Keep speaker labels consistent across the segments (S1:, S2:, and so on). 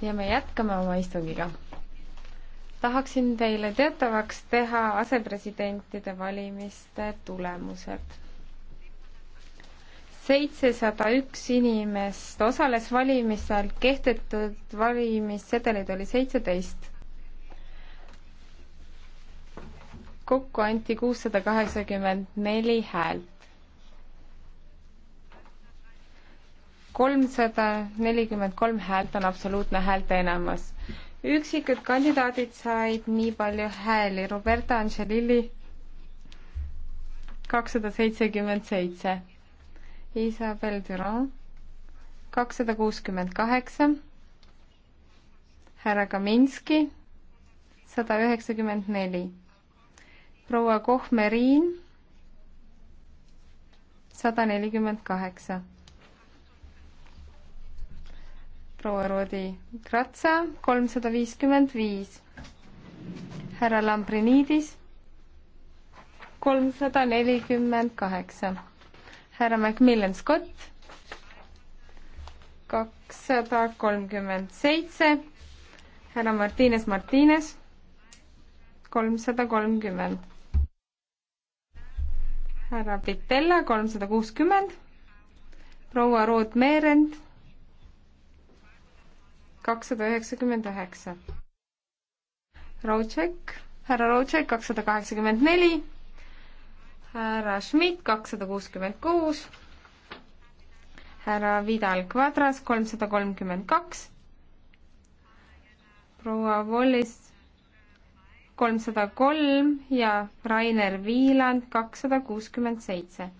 S1: ja me jätkame oma istungiga. tahaksin teile teatavaks teha asepresidentide valimiste tulemused. seitsesada üks inimest osales valimistel, kehtetud valimissedeleid oli seitseteist. kokku anti kuussada kaheksakümmend neli häält. kolmsada nelikümmend kolm häält on absoluutne häälte enamus. üksikud kandidaadid said nii palju hääli, Roberta Angelilli kakssada seitsekümmend seitse, Isabel Düron kakssada kuuskümmend kaheksa, härra Kaminski sada üheksakümmend neli, proua Kohmeriin sada nelikümmend kaheksa proua Rodi Kratsa, kolmsada viiskümmend viis. härra Lambrinidis, kolmsada nelikümmend kaheksa. härra Macmillan Scott, kakssada kolmkümmend seitse. härra Martines Martines, kolmsada kolmkümmend. härra Pitella, kolmsada kuuskümmend. proua Ruut Meerend kakssada üheksakümmend üheksa. Raudšek, härra Raudšek kakssada kaheksakümmend neli, härra Schmidt kakssada kuuskümmend kuus, härra Vidal Quadras kolmsada kolmkümmend kaks, proua Wallis kolmsada kolm ja Rainer Viiland kakssada kuuskümmend seitse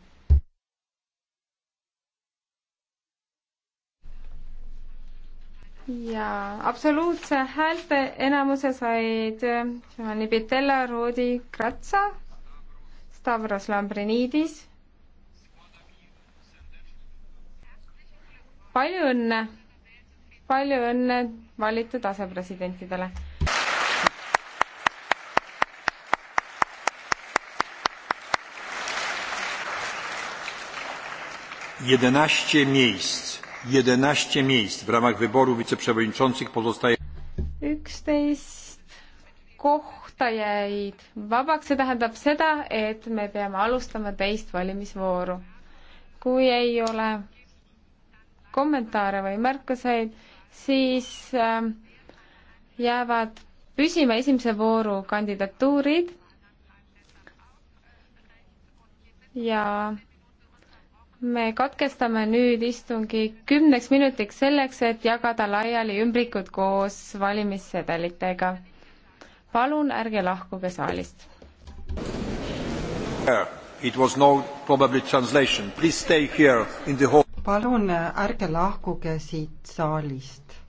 S1: ja absoluutse häälte enamuse said äh, Giovanni Pitella, Rodi Kratsa, Stavros Lambrinidis. palju õnne, palju õnne valitud asepresidentidele. jedenaście miejsc 11 miejsc w ramach wyboru wiceprzewodniczących pozostaje üksteist kohta jäid vabaks, see tähendab seda, et me peame alustama teist valimisvooru. kui ei ole kommentaare või märkuseid, siis ähm, jäävad püsima esimese vooru kandidatuurid ja me katkestame nüüd istungi kümneks minutiks selleks, et jagada laiali ümbrikud koos valimissedelitega. palun ärge lahkuge saalist. It was no probably translation, please stay here in the hall. palun ärge lahkuge siit saalist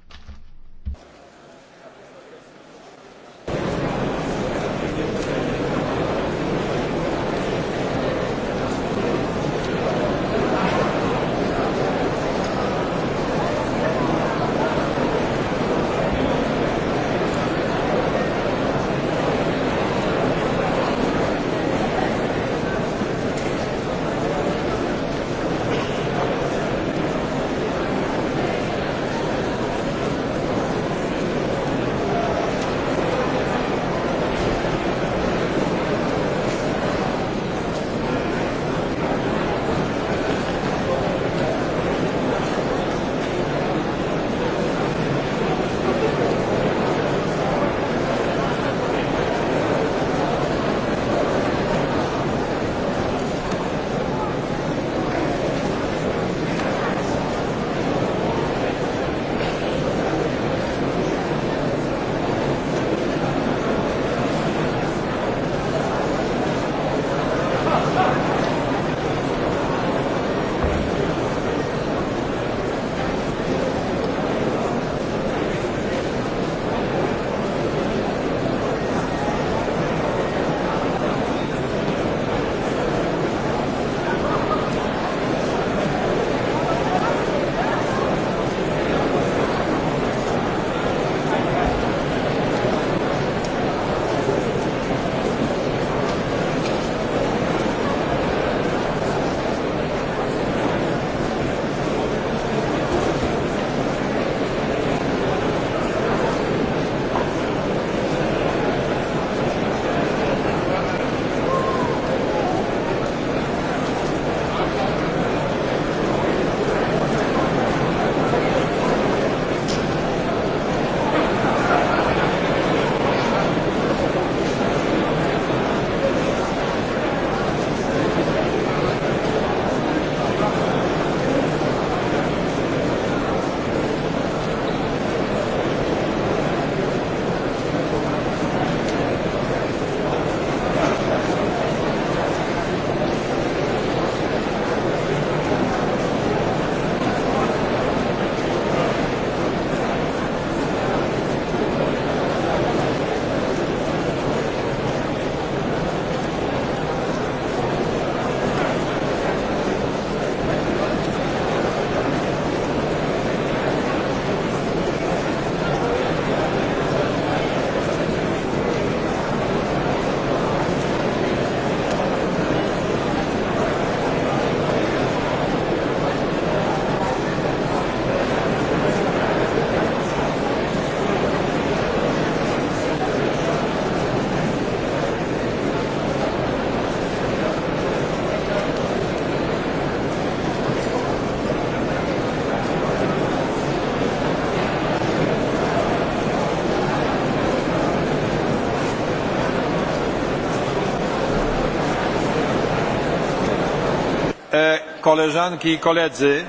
S1: Koleżanki i koledzy,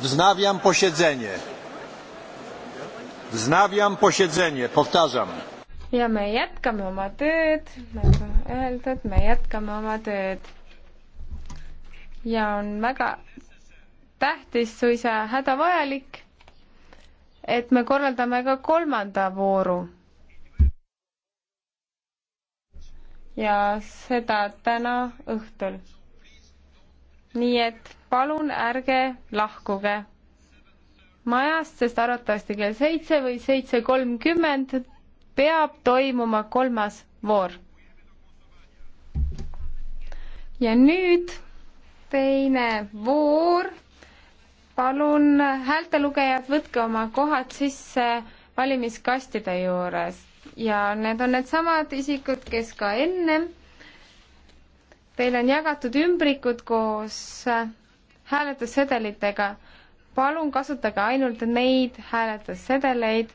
S1: wznawiam posiedzenie. Wznawiam posiedzenie, powtarzam. ja me jätkame oma tööd, nagu öeldud, me jätkame oma tööd. ja on väga tähtis, suisa hädavajalik, et me korraldame ka kolmanda vooru ja seda täna õhtul nii et palun ärge lahkuge majast, sest arvatavasti kell seitse või seitse kolmkümmend peab toimuma kolmas voor. ja nüüd teine voor. palun, häältelugejad, võtke oma kohad sisse valimiskastide juures ja need on needsamad isikud, kes ka ennem Teile on jagatud ümbrikud koos äh, hääletussedelitega. palun kasutage ainult neid hääletussedeleid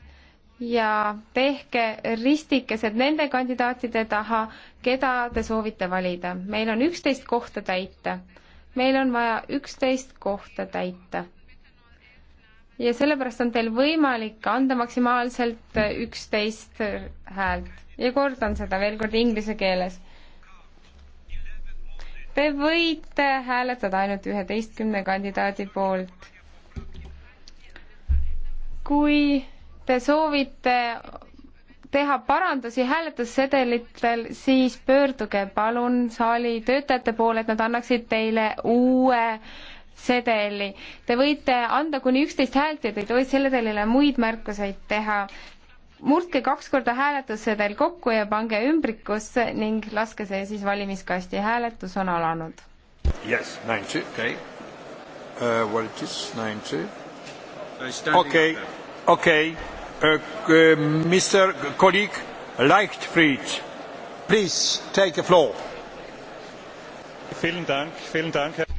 S1: ja tehke ristikesed nende kandidaatide taha, keda te soovite valida. meil on üksteist kohta täita. meil on vaja üksteist kohta täita. ja sellepärast on teil võimalik anda maksimaalselt üksteist häält ja kordan seda veel kord inglise keeles Te võite hääletada ainult üheteistkümne kandidaadi poolt. kui te soovite teha parandusi hääletussedelitel, siis pöörduge palun saali töötajate poole, et nad annaksid teile uue sedeli. Te võite anda kuni üksteist häält ja te ei tohi sellele muid märkuseid teha murdke kaks korda hääletussedel kokku ja pange ümbrikusse ning laske see siis valimiskasti. hääletus on alanud. Yes, 90, okay. Uh, what it is, 90? Okay, okay. Uh, uh, Mr. Colleague Leichtfried, please take the floor.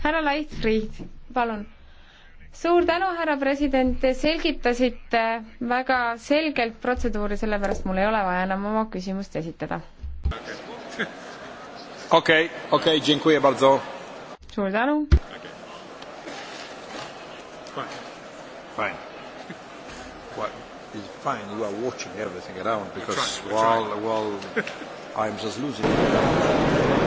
S1: härra Leichtfried, palun suur tänu, härra president, te selgitasite väga selgelt protseduuri, sellepärast mul ei ole vaja enam oma küsimust esitada. okei, okei, dziękuję bardzo. suur tänu okay.. Fine. What is fine, you are watching everything around because while, while I am just losing.